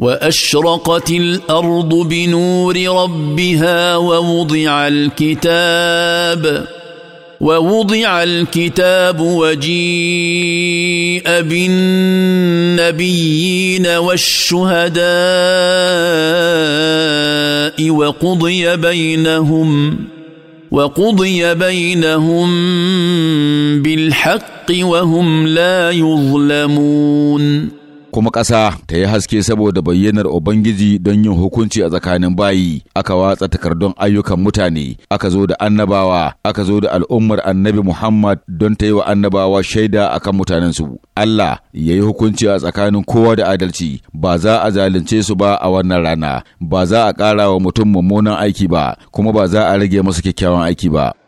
واشرقت الارض بنور ربها ووضع الكتاب ووضع الكتاب وجيء بالنبيين والشهداء وقضي بينهم وقضي بينهم بالحق وهم لا يظلمون kuma ƙasa ta yi haske saboda bayyanar Ubangiji don yin hukunci a tsakanin bayi, aka watsa takardun ayyukan mutane, aka zo da annabawa, aka zo da al'ummar annabi Muhammad don ta yi wa annabawa shaida a kan mutanensu. Allah ya yi hukunci a tsakanin kowa da adalci, ba za a zalunce su ba a wannan rana, ba za a ƙara wa mutum mummunan aiki ba, kuma ba za a rage masu kyakkyawan aiki ba.